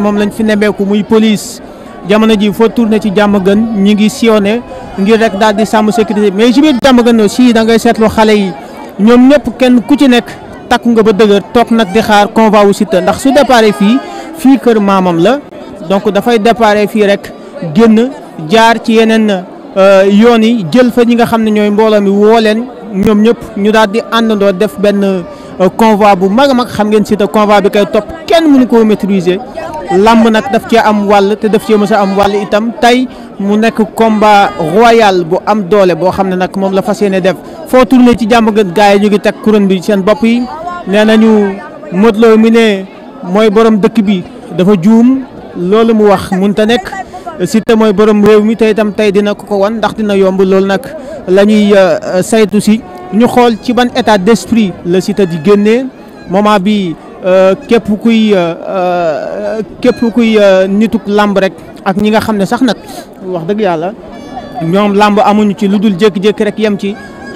moom lañ fi nemmeeku muy police jamono ji foo tourné ci jàmm gën ñi ngi sillonné ngir rek daal di sàmm sécurité mais ci biir jàmm gën aussi da ngay seetlu xale yi ñoom ñëpp kenn ku ci nekk takku nga ba dëgër toog nag di xaar convoi wu Siteu ndax su départ fii fii kër maamam la donc dafay départ fii rek génn jaar ci yeneen euh, yoon yi jël fa ñi nga xam ne ñooy mboolam mi woo leen ñoom ñëpp ñu daal di àndandoo def benn. Euh, convoi bu mag a mag xam ngeen Siteu convoi bi koy topp kenn mënu koo maîtriser làmb nag daf cee am wàll te daf cee mës a am wàll itam tey mu nekk combat royal bu am doole boo xam ne nag moom la fas yéene def foo tourné ci jàmm gën gaa yi ñu ngi teg couronne bi seen bopp yi nee nañu Modou Lo mi ne mooy borom dëkk bi dafa juum loolu mu wax mun ta nekk Siteu mooy borom réew mi tey itam tey dina ko ko wan ndax dina yomb loolu nag la ñuy euh, saytu si ñu xool ci ban état d'esprit la sita di génnee moment bi euh, képp kuy euh, euh, képp kuy nituk làmb rek ak ñi nga xam ne sax nag wax dëgg yàlla ñoom làmb amuñu ci lu dul jékki-jékki rek yem ci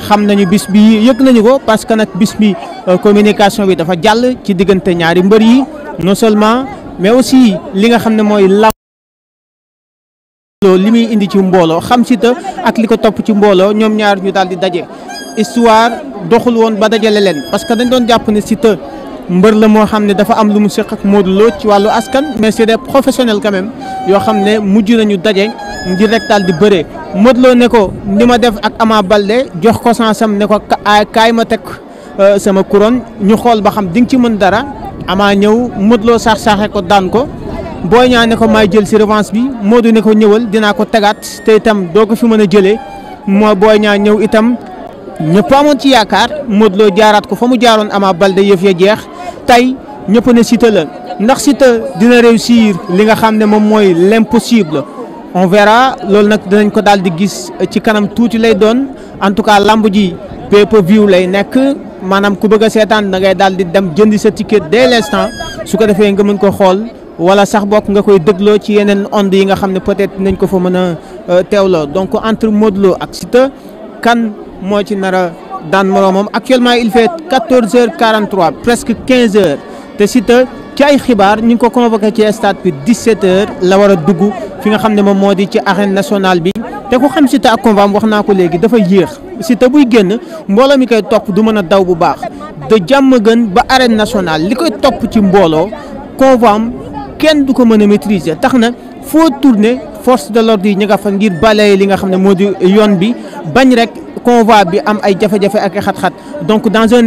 xam nañu bis bi yëg nañu ko parce que nag bis bi communication bi dafa jàll ci diggante ñaari mbër yi non seulement mais aussi li nga xam ne mooy làmb li muy indi ci mbooloo xam Siteu ak li ko topp ci mbooloo ñoom ñaar ñu daal di daje histoire doxul woon ba dajale leen parce que dañ doon jàpp ne Siteu mbër la moo xam ne dafa am lu mu séq ak Modou ci wàllu askan mais c'est des professionnels quand yoo xam ne mujj nañu daje ngir rek daal di bëree Modou Lo ne ko ni ma def ak Ama Baldé jox ko sansam ne ko kaay ma teg euh, sama couronne ñu xool ba xam di nga ci mën dara Ama ñëw Modou Lo saax saaxe ko daan ko Boy ñaa ne ko maay jël si revanche bi Modou ne ko ñëwal dinaa ko tegaat te itam doo ko fi mën a jëlee moo Boy Niang itam ñëpp amoon ci yaakaar Modou Lo jaaraat ko fa mu jaaroon Ama balde yëf ya jeex tey ñëpp ne Siteu la ndax Siteu dina réussir li nga xam ne moom mooy l'impossible on verra loolu nag dinañ ko daal di gis ci kanam tuuti lay doon en tout cas lamb ji pay lay nekk maanaam ku bëgg a seetaan da ngay daal di dem jëndi sa ticket dès l'instant su ko defee nga mën ko xool wala sax bokk nga koy dégloo ci yeneen ondes yi nga xam ne peut-être nañ ko fa mën a euh, teewloo donc entre Modou Lo ak Siteu kan moo ci nar a daan moroomam actuellement il fait quatorze heures quarante trois presque quinze heures te Siteu ci ay xibaar ñu ngi ko convoqué ci stade bi dix set heures la war a dugg fi nga xam ne moom moo di ci arène nationale bi. te ko xam Siteu ak combat am wax naa ko léegi dafa yéex Siteu buy génn mbooloo mi koy topp du mën a daw bu baax de jàmm gën ba arène nationale li koy topp ci mbooloo combat am kenn du ko mën a maîtriser tax na foo tourner force de l'ordre yi ñu nga fa ngir balayer li nga xam ne moo di yoon bi bañ rek convoi bi am ay jafe-jafe ak xat-xat donc dans un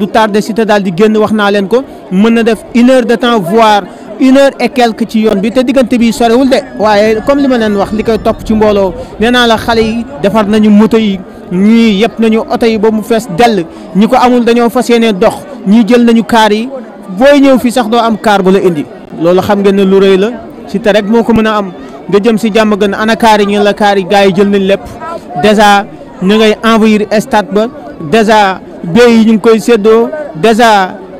du tardé Siteu daal di génn wax naa leen ko mën na def une heure de temps voire une et quelque ci yoon bi te diggante bi sorewul de waaye comme li ma leen wax li koy topp ci mbooloo nee naa la xale yi defar nañu moto yi ñii yëpp nañu oto yi ba mu fees dell ñi ko amul dañoo fa yéene dox ñii jël nañu kaar yi booy ñëw fii sax doo am kaar indi nga jëm si jàmm gën ana kaar yi ñu la kaar yi gars jël nañ lépp dèjà ñu ngay envahir stat ba dèjà béy yi ñu ngi koy seddoo dèjà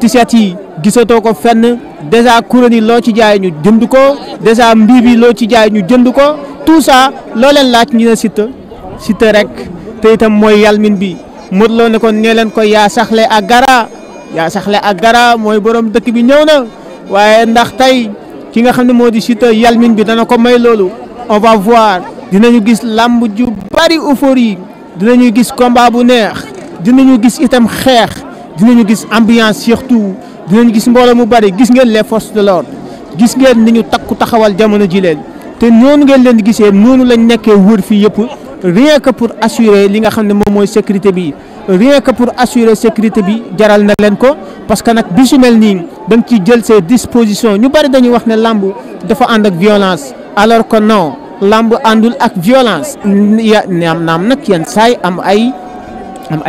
t-shirt yi gisatoo ko fenn dèjà kuréel yi loo ci jaay ñu jënd ko dèjà mbii bi loo ci jaay ñu jënd ko tout ça loo laaj ñu ne Siteu Siteu rek te itam mooy yalmin bi Modou Lo ne ko nee leen ko yaa saxle ak gara yaa saxle ak gara mooy borom dëkk bi ñëw na waaye ndax tey ki nga xam ne moo di Siteu yalmin bi dana ko may loolu on va voir ñu gis làmb ju bari euphorie ñu gis combat bu neex dinañu gis itam xeex dinañu gis ambiance surtout dinañu gis mbooloo mu bari gis ngeen les forces de l'ordre gis ngeen ni ñu takku taxawal jamono ji leen te noonu ngeen leen di gisee noonu lañ nekkee wër fii yëpp rien que pour assurer li nga xam ne moom mooy sécurité bi. rien que pour assurer sécurité bi jaral na leen ko parce que nag bi mel nii da nga ciy jël see disposition ñu bari dañuy wax ne làmb dafa ànd ak violence alors que non làmb àndul ak violence. ya naam naam nag yenn saay am ay am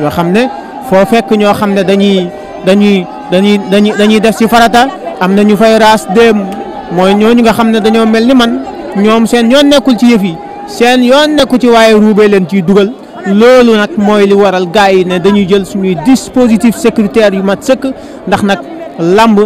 ñoo xam ne foo fekk ñoo xam ne dañuy dañuy dañuy dañuy dañuy def ci farata am na ñu fay raas déem mooy ñooñu nga xam ne dañoo mel ni man ñoom seen yoon nekkul ci yëf yi seen yoon nekku ci waaye ruubee leen ciy dugal. loolu nag mooy li waral gars yi ne dañuy jël suñuy dispositif sécuritaire yu mat sëkk ndax nag làmb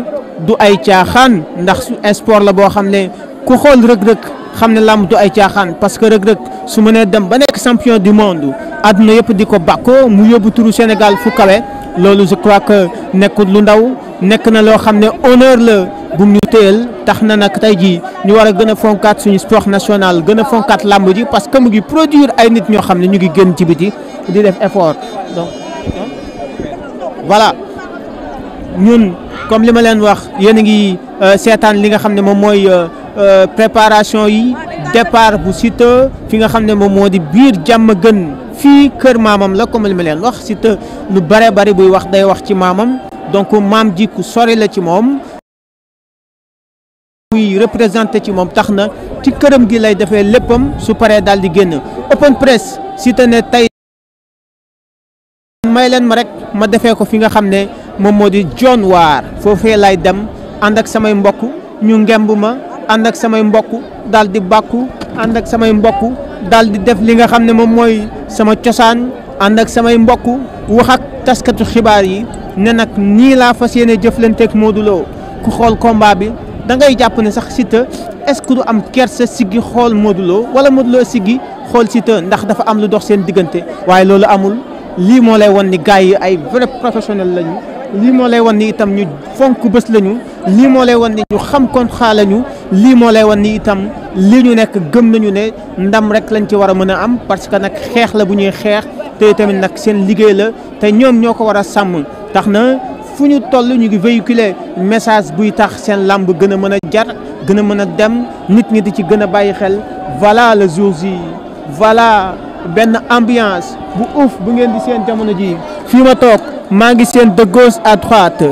du ay caaxaan ndax su esport la boo xam ne ku xool rëg-rëg xam ne lamb du ay caaxaan parce que rëg-rëg su mënee dem ba nekk champion du monde àdduna yëpp di ko bàkkoo mu yóbbu turu Sénégal fu kawe loolu je crois que nekkul lu ndaw nekk na loo xam ne honneur la bu ñu téyel tax na nag tey jii ñu war a gën a fonkaat suñu sport national gën a fonkaat làmb ji parce que mu ngi produire ay nit ñoo xam ne ñu ngi gën ci biti di def effort donc voilà ñun comme li ma leen wax yéen a ngi euh, seetaan li nga xam ne moom mooy euh, euh, préparation yi départ bu Siteu fi nga xam ne moom moo di biir jàmm gën fii kër maamam la comme li ma leen wax Siteu lu bare bari buy wax day wax ci maamam donc maam ji ku sori la ci moom muy représenté ci moom tax na ci këram gi lay defee léppam su paree daal di génn open press Siteu ne tey may leen ma rek ma defee ko fi nga xam ne moom moo di John Waar foofee lay dem ànd ak samay mbokk ñu ngemb ma ànd ak samay mbokk daal di bàkku ànd ak samay mbokk daal di def li nga xam ne moom mooy sama cosaan ànd ak samay mbokk wax ak taskatu xibaar yi ne nag nii laa fa yéene jëflanteeg Modou Lo ku xool combat bi da ngay jàpp ne sax Siteu est-ce que du am kersa siggi xool Modou Lo wala Modou siggi xool si Siteu ndax dafa am lu dox seen diggante waaye loolu amul lii moo lay wan ni gars yi ay vrai professionnel lañu lii moo lay wan ni itam ñu fonk bés lañu lii moo lay wan ni xam kon xaa lañu lii moo lay wan ni itam li ñu nekk gëm nañu ne ndam rek lañ ci war a mën a am parce que nag xeex la bu ñuy xeex te tamit nag seen liggéey la te ñoom ñoo ko war a sàmm tax na fu ñu toll ñu ngi véhiculer message buy tax seen làmb gën a mën a jar gën a mën a dem nit ñi di ci gën a bàyyi xel voilà la jour ji voilà benn ambiance bu uuf bu ngeen di seen jamono ji fii ma toog maa ngi seen de à droite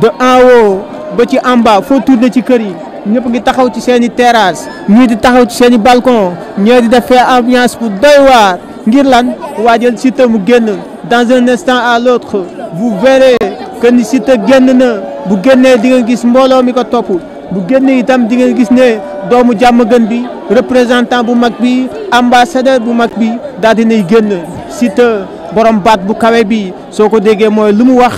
de en haut ba ci en bas foo tourné ci kër yi ñëpp ngi taxaw ci seeni i terrasse di taxaw ci seen i balcon ñoo di def fee ambiance bu doy waar ngir lan waajal Siteu mu génn dans un instant à l'autre bu verrez que ni Siteu génn na bu génnee di nga gis mbooloo mi ko topp bu génnee itam di nga gis ne doomu jàmm gën bi représentant bu mag bi ambassadeur bu mag bi daal dinay génn Siteu borom baat bu kawe bi soo ko déggee mooy lu mu wax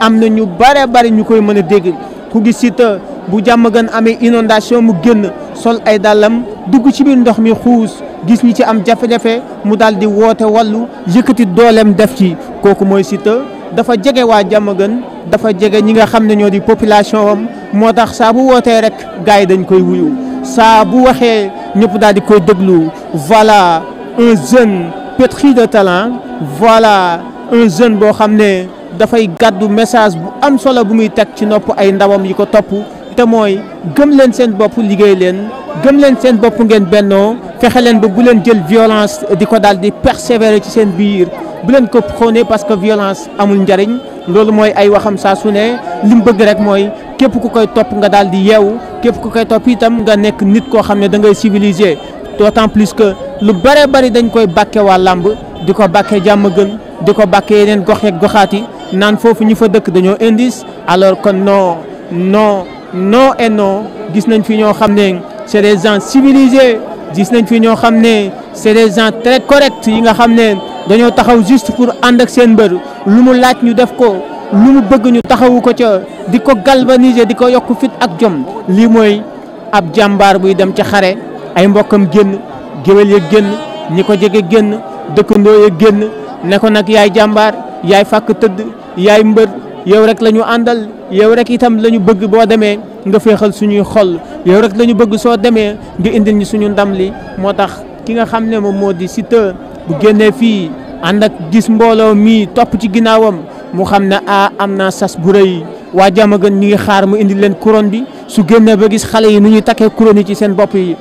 am na ñu bare bari ñu koy mën a dégg ku gis Siteu bu jàmm gën amee inondation mu génn sol ay dàllam dugg ci biir ndox mi xuus gis ñi ci am jafe-jafe mu daal di woote wàllu yëkkati dooleem def ci kooku mooy Siteu dafa jege waa jàmm gën dafa jege ñi nga xam ne ñoo di population moo tax saa bu wootee rek gars yi dañ koy wuyu saa bu waxee ñëpp daal di koy déglu voilà un jeune pétri de talent voilà un jeune boo xam ne dafay gàddu message bu am solo bu muy teg ci nopp ay ndawam yi ko topp te mooy gëm leen seen bopp liggéey leen gëm leen seen bopp ngeen bennoo fexe leen ba bu leen jël violence di ko daal di persévérer ci seen biir bu leen ko prôné parce que violence amul njariñ loolu mooy ay waxam saa su ne li mu bëgg rek mooy képp ku koy topp nga daal di yeewu képp ku koy topp itam nga nekk nit koo xam ne da ngay civilisé d'autant plus que lu bare bari dañ koy bàkke làmb di ko bàkke jàmm gën di ko bàkke yeneen gox yeeg goxaat yi naan foofu ñu fa dëkk dañoo indice alors que non non non et non gis nañ fi ñoo xam ne c'est des gens civilisés gis nañ fi ñoo xam ne c'est des gens très corrects yi nga xam ne dañoo taxaw juste pour ànd ak seen mbër lu mu laaj ñu def ko lu mu bëgg ñu taxawu ko ca di ko galvaniser di ko yokk fit ak jom lii mooy ab jàmbaar buy dem ca xare ay mbokkam génn géwél ya génn ñi ko jege génn dëkkandoo ya génn ne ko nag yaay jàmbaar yaay fàkk tëdd yaay mbër yow rek la ñu àndal yow rek itam lañu bëgg boo demee nga féexal suñuy xol yow rek lañu bëgg soo demee nga indil ñu suñu ndam li moo tax ki nga xam ne moom moo di Siteu bu génnee fii ànd ak gis mbooloo mii topp ci ginnaawam mu xam ne ah am naa sas bu rëy waa jàmm gën ñu ngi xaar mu indi leen kuron bi su génnee ba gis xale yi nu ñuy takkee couronne yi ci seen bopp yi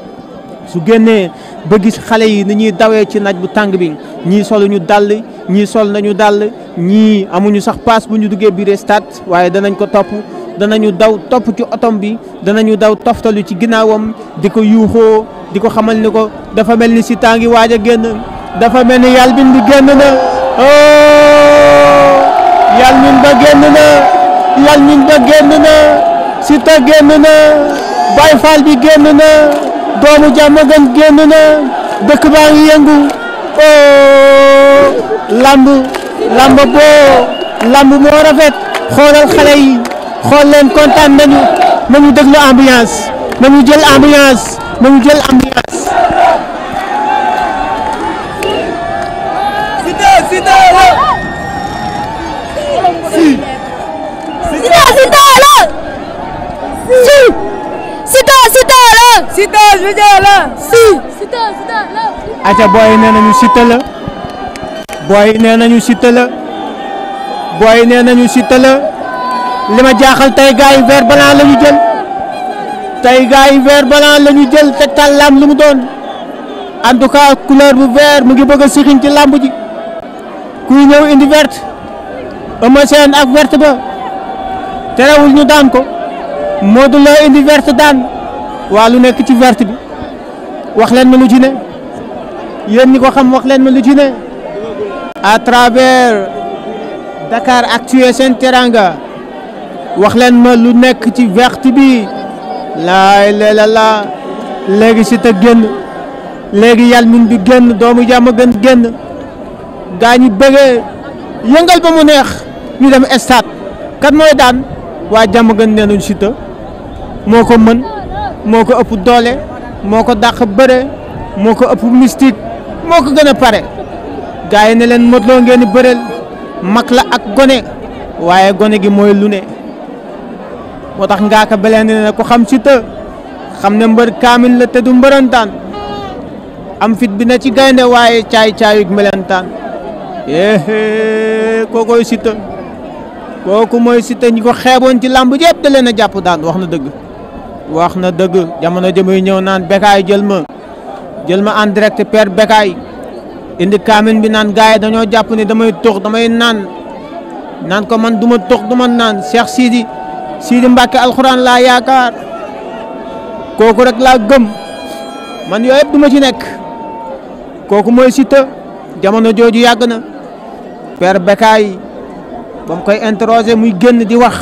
su génnee ba gis xale yi ni ñuy dawee ci naj bu tàng bi ñii solu ñu dàll ñii sol nañu dàll ñii amuñu sax paas bu ñu duggee biir stade waaye danañ ko topp danañu daw topp ci otom bi danañu daw toftalu ci ginnaawam di ko yuuxoo di ko xamal ni ko dafa mel ni si tàngi waaj a génn dafa mel ni yàlla bin bi génn na oh, yàlla min ba génn na yàlla génn na si bi génn na doomu jàmm gën génn na dëkk baa ngi yëngu oh lamb lamb boo lamb moo rafet xoolal xale xool leen kontaan nañu nañu déglu ambiance nañu jël ambiance nañu jël ambiance. Siteu Vivier la. si. booy yi nee nañu Siteu la. booy nee nañu Siteu la. nee nañu Siteu la. li ma jaaxal tey gars yi vert blanc la ñu jël. tey gars yi vert jël tegtal lam lu mu doon. en tout cas couleur bu vert mu ngi bëgg a sixiñ ci làmb ji. kuy ñëw indi vert. Eumeu Sène ak vert ba. terewul ñu daan ko. Modou Lo indi vert daan. waa lu nekk ci verte bi wax leen ma lu ci ne yéen ñi ko xam wax leen ma lu ci ne à travers Dakar Actu seen teranga wax leen ma lu nekk ci verte bi laay leela laa léegi si te génn léegi yàlla min bi génn doomu jàmm gën génn gaa ñi bëggee yëngal ba mu neex ñu dem stade kan mooy daan waa jàmm gën neenuñ si te moo ko mën moo ko ëpp doole moo ko dàq bëre moo ko ëpp mystique moo ko gën a pare gars yi ne leen Modou Lo ngeen di bëreel mag la ak gone waaye gone gi mooy lu ne moo tax ngaa ko beleen ne ko xam si të xam ne mbër kaamil la te du mbërantaan am fit bi na ci gaynde waaye caay caayug melentaan éé kookoy si të kooku mooy si ñi ko xeeboon ci làmb yëpp da leen a jàpp daan wax na dëgg wax na dëgg jamono jëmuy ñëw naan bekaay jël ma jël ma en direct père bekaay indi kaamin bi naan gars yi dañoo jàpp ni damay tux damay naan naan ko man duma ma tux du ma naan Cheikh Sidi Sidi Mbacke alxuraan laa yaakaar kooku rek laa gëm man yooyu yëpp du ma ci nekk kooku mooy Siteu jamono jooju yàgg na per bekaay ba mu koy interroger muy génn di wax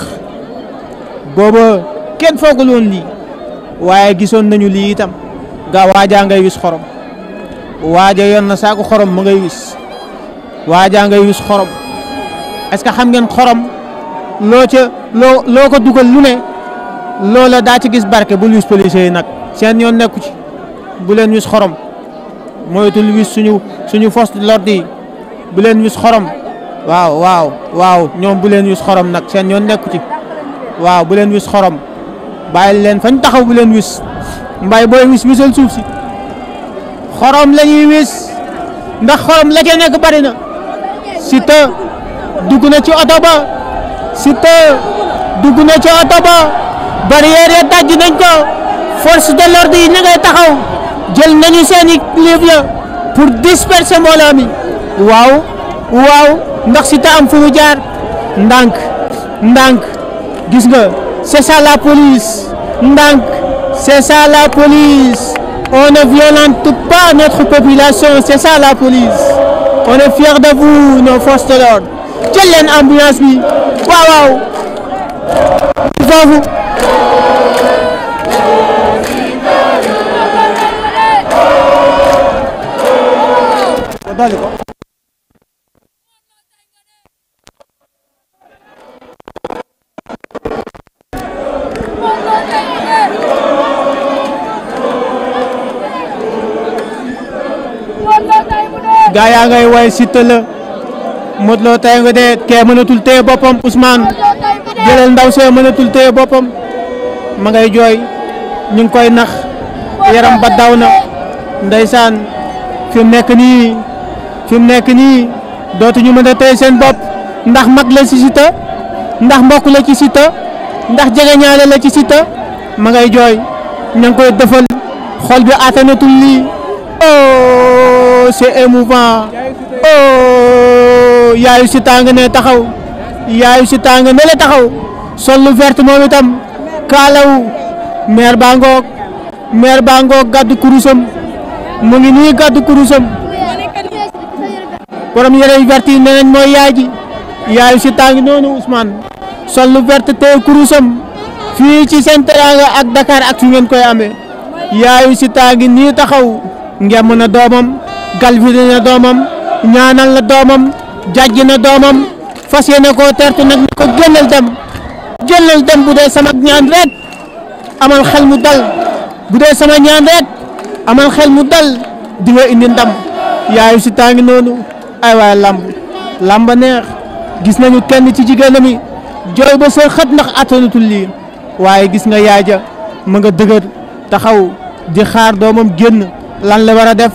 booba kenn foogul woon lii waaye gisoon nañu lii itam ga waajaa ngay wis xorom waaja yoon na saako xorom mu ngay wis waajaa ngay wis xorom est que xam ngeen xorom loo ci loo loo ko dugal lu ne loola daa ci gis barke bul wis policier yi nag seen yoon nekku ci bu leen wis xorom moytul wis suñu suñu force de l'ordre yi bu leen wis xorom waaw waaw waaw ñoom bu leen wis xorom nag seen yoon nekku ci waaw bu leen wis xorom bàyyi leen fañ taxaw bu leen wis mbay booy wis wisal suuf si xorom la wis ndax xorom la ca nekk bari na Siteu dugg na ci oto ba Siteu dugg na ci oto ba barrière ya daj nañ ko force de l'ordre yi ña ngay taxaw jël nañu seeni i livre pour disperser mbooloo mi waaw waaw ndax Siteu am fu mu jaar ndànk gis nga. c'est ça la police ndànk c'est ça la police on ne violente pas notre population c'est ça la police on est fiers de vous nos forces de l'ordre jël leen ambulance bi waaw yaa ngay way Siteu la Modou Lo tay nga dee kee mënatul téye boppam Ousmane jëlal ndaw see mënatul téye boppam ma ngay jooy ñu ngi koy nax yaram daw na ndeysaan fi nekk nii fi nekk nii dootuñu mën a téye seen bopp ndax mag la ci Siteu ndax mbokk la ci Siteu ndax jegeñaale la ci Siteu ma ngay jooy ña ngi koy defal xol bi attanatul lii oh c'est émouvant Oh, yaayu si tàng ne taxaw yaayu si tàng ne la taxaw sol lu vert moom itam kaalaw meer baa ngoog meer baa ngoog gàddu kurusam mu ngi nii gàddu kurusam borom yére yu vert yi nee nañ mooy yaay yaayu si tàng noonu usmaan sol lu vert te kurusam fii ci Sen Teranga ak Dakar ak fi ngeen koy amee yaayu si tàng nii taxaw ngem na doomam galvide na doomam ñaanal na doomam jàjj na doomam fas yéene ko tertu nag ne ko génnal dem génnal dem bu dee sama ñaan rek amal xel mu dal dee sama ñaan amal xel mu dal di nga indi ndam yaayu si tàngi noonu ay waaye lamb lamba neex gis nañu kenn ci jigéenam yi jooy ba soo ndax attanatul lii waaye gis nga yaaja ma nga dëgër taxaw di xaar doomam génn lan la war a def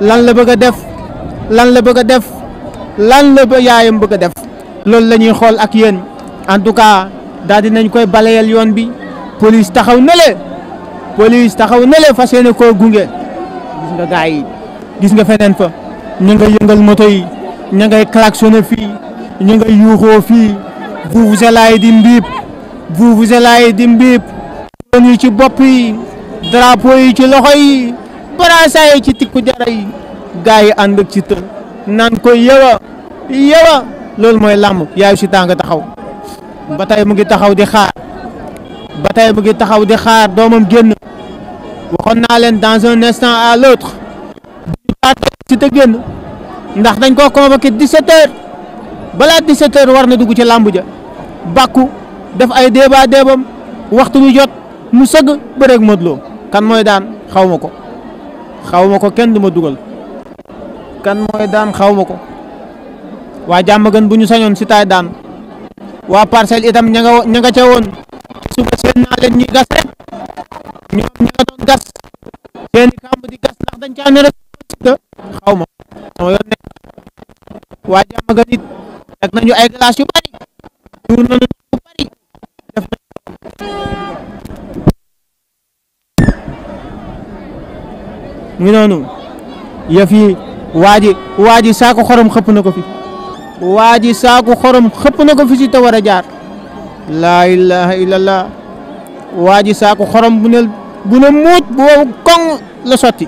lan la bëgg a def lan la bëgg a def lan la ba yaayam bëgg a def loolu la ñuy xool ak yéen en tout cas daal dinañ koy balayal yoon bi police taxaw na le police taxaw na fa fas yéene koo gunge gis nga gars yi gis nga feneen fa ñu nga yëngal moto yi ñu ngay klaxonné fii ñu nga yuuxoo fii vuvuzela yi di mbiib vuvuzela yi di mbiib doon yi ci bopp yi drapeau yi ci loxo yi brassard yi ci tikku jara yi gars yi ànd ak ci tër naan ko yewa yewa loolu mooy làmb yaayu si tàng taxaw ba mu ngi taxaw di xaar ba tey mu ngi taxaw di xaar doomam génn waxoon naa leen dans un instant à l'autre si te génn ndax dañ koo convoqué 17 heures balaa 17 heures war na dugg ci làmb ja bàkku def ay débat débam waxtu bi jot mu sëgg bëreeg Modou kan mooy daan xaw ma ko xawma ko kenn du ma dugal kan mooy daan xaw ma ko waa jàmm bu ñu sañoon si taay daan waa parcelle itam ña nga ña nga ca woon suba seen naa leen ñuy gas rek ñoom ña doon gas seen i di gas ndax dañ caa ne rek xaw ma sama waa jàmm gën it nañu ay glace yu bari tuur nañu bari mu noonu yëf waa ji waa ji saako xorom xëpp na ko fi waa ji saako xorom xëpp na ko fi si te war a jaar laa ilaha illallah waa ji saako xorom bu ne bu ne muut bu wow koŋ la sotti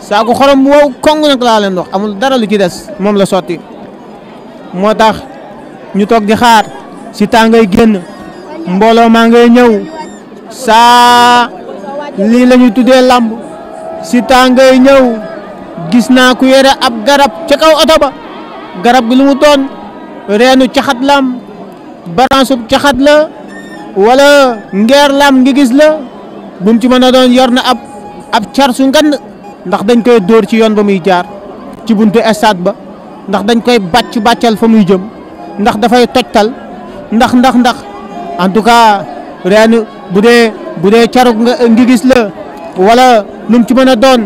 saako xorom bu wow koŋ nag laa leen wax amul dara lu ci des moom la sotti moo tax ñu toog di xaar si tàngay génn mbooloo maa ngay ñëw saa lii la tuddee làmb si tàngay ñëw gis naa ku yore ab garab ca kaw oto ba garab gi lu mu doon reenu caxat lam baransub caxat la wala ngeer lam ngi gis la bu ci mën a doon yor na ab ab car su ngan ndax dañ koy dóor ci yoon ba muy jaar ci buntu stade ba ndax dañ koy bàcc bàccal fa muy jëm ndax dafay tojtal ndax ndax ndax en tout cas bu dee bu dee carug nga gis la wala lu ci mën a doon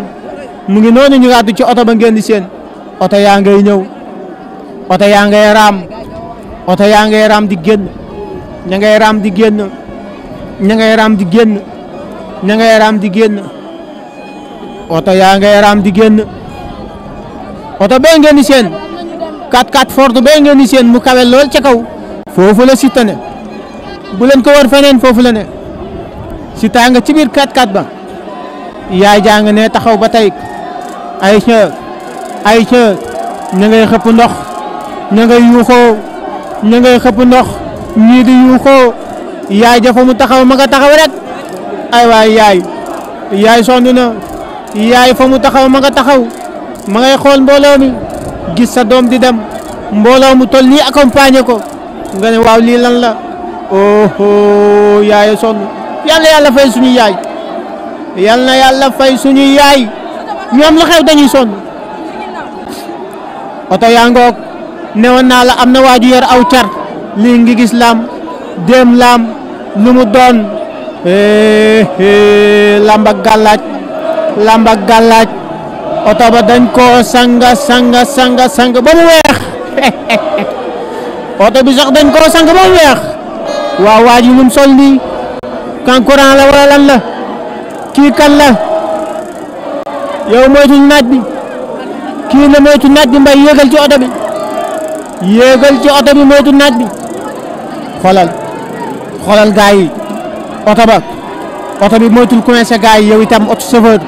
mu ngi noonu ñu raadu ci oto ba ngeen di seen oto yaa ngay ñëw oto yaa nga raam oto yaa nga raam di génn ña ngay raam di génn ña ngay raam di génn ña ngay raam di génn oto yaa nga raam di génn oto bee ngeen di seen 4-4 Ford bee ngeen di seen mu kawe lool ca kaw foofu la Siteu ne bu leen ko war feneen foofu la ne Siteu nga ci biir 4 ba yaay jaa nga ne taxaw ba tey ay ca ay ca ña ngay xëpp ndox ña ngay yuuxoo ña ngay xëpp ndox ñii di yuuxoo yaay jafa mu taxaw ma nga taxaw rek ay waay yaay yaay sonn na yaay fa mu taxaw ma nga taxaw ma ngay xool mbooloo mi gis sa doom di dem mbooloo mu toll nii accompagner ko nga ne waaw lii lan la oh yaay sonn yàlla yàlla fay suñu yaay ñoom lu xew dañuy sonn oto yaa ngoog newoon naa la am na waaju yor aw car lii ngi gis laam déem laam lu mu doon eh, eh, làmb ak gàllaaj làmb gàllaaj oto ba dañ koo sanga sanga sanga sang ba mu weex oto bi sax dañ koo sang ba mu weex waaw waaju lum sol nii kankurang la wala lan la kii kan la yow moytu naaj bi kii la moytu naaj bi mbay yéegal ci oto bi yéegal ci oto bi moytu naaj bi xoolal xoolal gaa oto ba oto bi moytul coincé gaa yi yow itam oto chauffeur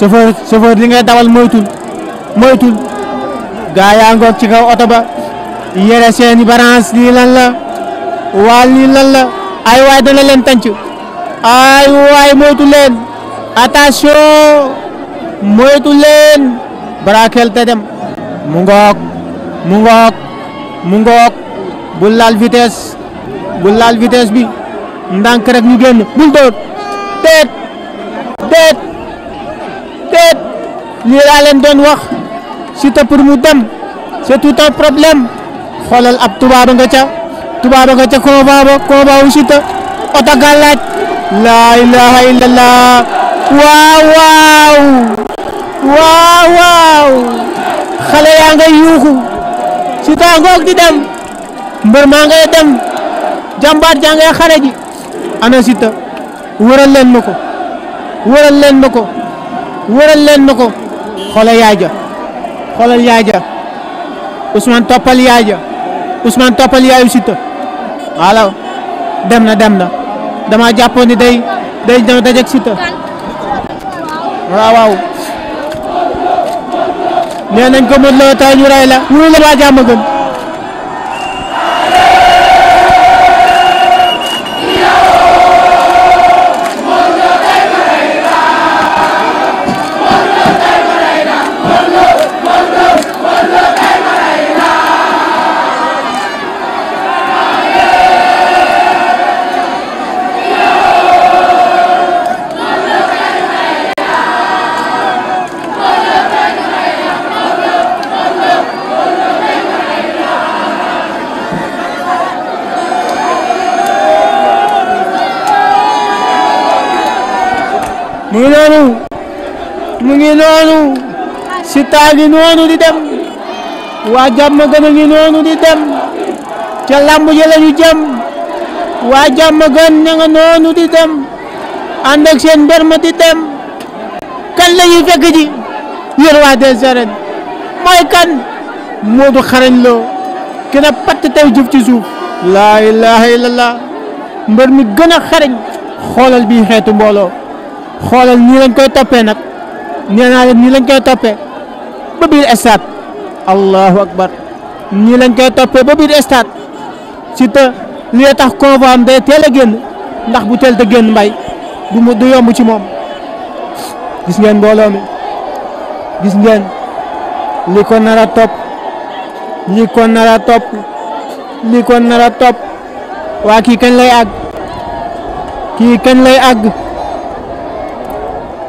chauffeur chauffeur li ngay dawal moytul moytul gaa yaa ci kaw oto ba yére seeni barance lii la waal lii lan la ay waay dana leen tànc ay waay moytu leen moytu leen barakel te dem mu ngoog mu ngoog mu ngoog bul laal vitesse bul bi ndànk rek ñu génn bul dóor teet teet teet lii doon wax Siteu pour mu dem c'est tout un problème xoolal ab tubaab nga ca tubaab nga ca combat ba combat wu Siteu oto gàllaaj laa ilaha illallah waaw waaw waaw waaw xale yaa ngay yuuxu Siteu ngoog di dem mbër maa ngay dem jàmbaat jaa ngay xare ji ana Siteu wëral leen na ko wëral leen na ko wëral leen na ko xoolal yaaja xoolal yaaja Ousmane toppal yaaja Ousmane toppal yaayu Siteu wala dem na dem na dama jàppoon ni day day dajeeg Siteu waaw waaw. nee nañ ko Modou Lo tey ñu rey la wuyu la waa jàmm gën. mu ngi noonu mu ngi noonu Siteu ngi noonu di dem waa jàmm gën a ngi noonu di dem ca làmb ja la ñu jëm waa jàmm gën ña noonu di dem ànd ak seen mbër ma di dem kan la fekk ji yéen waa mooy kan Modou xarañ loo gën a patt taw jëf ci suuf laa ilaha illallah mbër mi gën a xarañ xoolal bii xeetu mbooloo xoolal nii lañ koy toppee nag nee naa lañ koy toppee ba biir stade allahu akbar nii lañ koy toppee ba biir stade ci te li tax convoi am day teel a génn ndax bu teel te génn mbay du mu yomb ci moom gis ngeen mbooloo gis ngeen li ko nar a topp li ko nar a topp li ko nar topp waa kii kañ lay àgg kii kañ lay àgg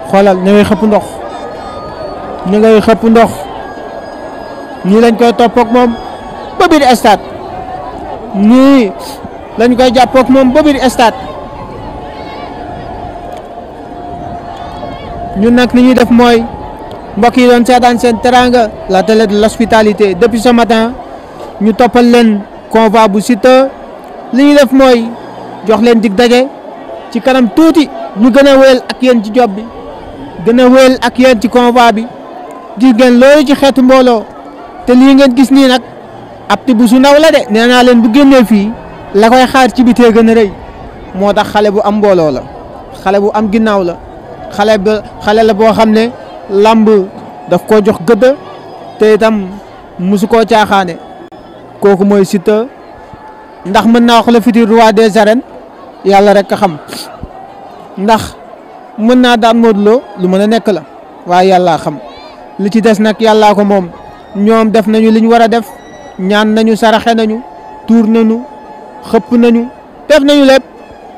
xoolal ñu ngay xëpp ndox ñu ngay ndox ñii lañ koy topp moom ba biir stade koy jàpp ak moom ñun nag li ñuy def mooy mbokk yi doon seetaan seen teranga la télé de l'hospitalité depuis ce matin ñu toppal leen convoi bu Siteu li ñuy def mooy jox leen dig daje ci kanam tuuti ñu gën a wéyal ak yéen ci job bi gën a wéel ak yéen ci convoi bi gis ngeen loolu ci xeetu mbooloo te lii ngeen gis nii nag ab bu su ndaw la de nee naa leen bu génnee fii la koy xaar ci bitee gën a rëy moo tax xale bu am mbooloo la xale bu am ginnaaw la xale ba xale la boo xam ne làmb daf koo jox gëdd te itam musu koo caaxaane kooku mooy Siteu ndax mën na wax le futur roi des arènes yàlla rek a xam ndax mën naa daan Modou Lo lu mën a nekk la waaye yàllaa xam li ci des nag yàllaa ko moom ñoom def nañu liñ war a def ñaan nañu saraxe nañu tuur nañu xëpp nañu def nañu lépp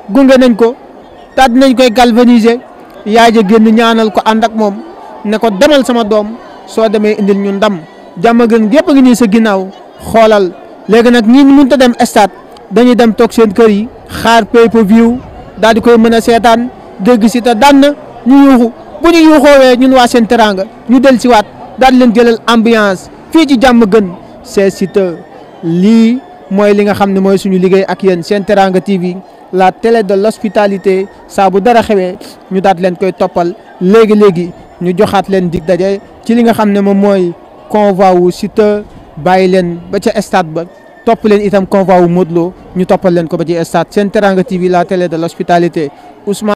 gunge nañ ko tàdd nañ koy galvaniser yaay ja génn ñaanal ko ànd ak moom ne ko demal sama doom soo demee indil ñu ndam jàmm gën gépp a ngi nii sa ginnaaw xoolal léegi nag ñi mënut dem stade dañuy dem toog seen kër yi xaar pay view daal koy mën a seetaan dégg si te daan na ñu yuuxu bu ñu yuuxoowee ñun waa seen teraanga ñu del si waat daan leen jëlal ambiance fii ci jàmm gën c'est Siteu lii mooy li nga xam ne mooy suñu liggéey ak yéen seen teraanga TV la télé de l'hospitalité saa bu dara xewee ñu daat leen koy toppal léegi léegi ñu joxaat leen dig daje ci li nga xam ne moom mooy convoi wu Siteu bàyyi leen ba ca stade ba topp leen itam convoi wu Modou Lo ñu toppal leen ko ba ci stade seen teraanga TV la télé de l'hospitalité Ousmane